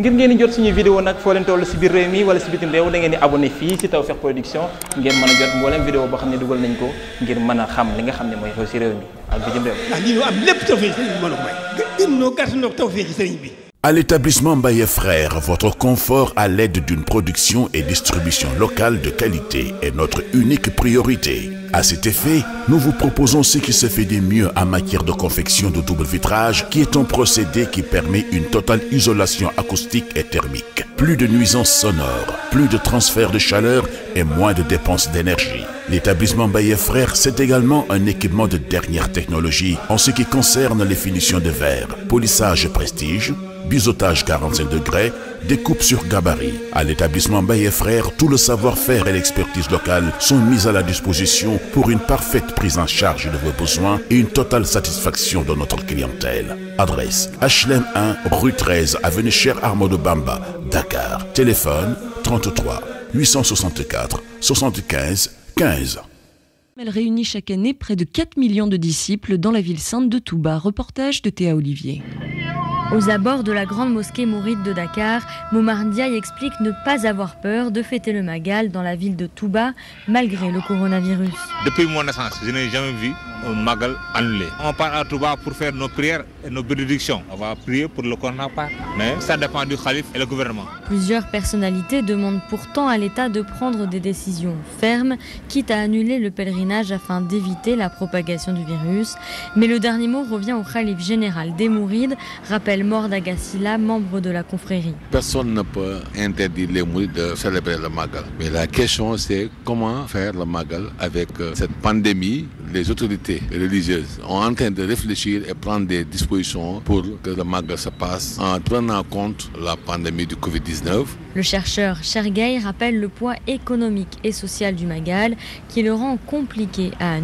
ngir ngeen di jot suñu vidéo nag foo leen toll si biir réew wala si bitim réew da ngeen di abonné fii si Tawfekh Production ngeen mën a jot mboolem vidéo boo xam ne dugal nañ ko ngir mën a xam li nga xam ne mooy xew si réew mi ak bitim réew. ndax lii ñu am lépp tawfeex sëriñ bi mën sëriñ bi. À l'établissement Baye Frères, votre confort à l'aide d'une production et distribution locale de qualité est notre unique priorité. À cet effet, nous vous proposons ce qui se fait de mieux en matière de confection de double vitrage, qui est un procédé qui permet une totale isolation acoustique et thermique. Plus de nuisances sonores, plus de transfert de chaleur et moins de dépenses d'énergie. L'établissement Baye Frères, c'est également un équipement de dernière technologie en ce qui concerne les finitions de verre, polissage prestige biseautage 45 degrés, découpe sur gabarit. À l'établissement Baye et Frères, tout le savoir-faire et l'expertise locale sont mis à la disposition pour une parfaite prise en charge de vos besoins et une totale satisfaction de notre clientèle. Adresse HLM 1, rue 13, avenue Cheikh Amadou Bamba, Dakar. Téléphone Elle réunit chaque année près de 4 millions de disciples dans la ville sainte de Touba. Reportage de Théa Olivier. Aux abords de la grande mosquée mouride de Dakar, Momardiaï explique ne pas avoir peur de fêter le Magal dans la ville de Touba, malgré le coronavirus. Depuis mon naissance, je n'ai jamais vu Magal annulé. On part à Touba pour faire nos prières et nos bénédictions. On Plusieurs personnalités demandent pourtant à l'État de prendre des décisions fermes, quitte à annuler le pèlerinage afin d'éviter la propagation du virus. Mais le dernier mot revient au calife général des Mourides, rappelle Morda Gassila, membre de la confrérie. Personne ne peut interdire les Mourides de célébrer le Magal. Mais la question comment faire le Magal avec euh, cette pandémie, les autorités communautés religieuses sont en train de réfléchir pour que le Magal se passe en prenant en compte la pandémie du covid Le chercheur Sergueï rappelle le poids économique et social du Magal qui le rend compliqué à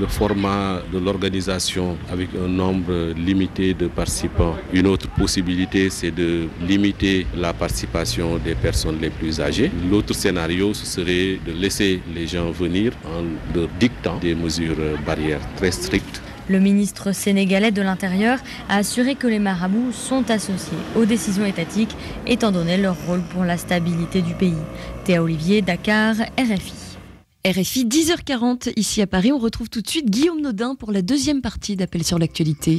Le format de l'organisation avec un nombre limité de participants. Une autre de limiter la participation des personnes les plus scénario, ce serait de laisser les gens venir en leur dictant des mesures euh, barrières très strictes. Le ministre sénégalais de l'Intérieur a assuré que les marabouts sont associés aux décisions étatiques, étant donné leur rôle pour la stabilité du pays. Théa Olivier, Dakar, RFI. RFI 10 h ici à Paris, on retrouve tout de suite Guillaume Nodin pour la deuxième partie d'Appel sur l'actualité.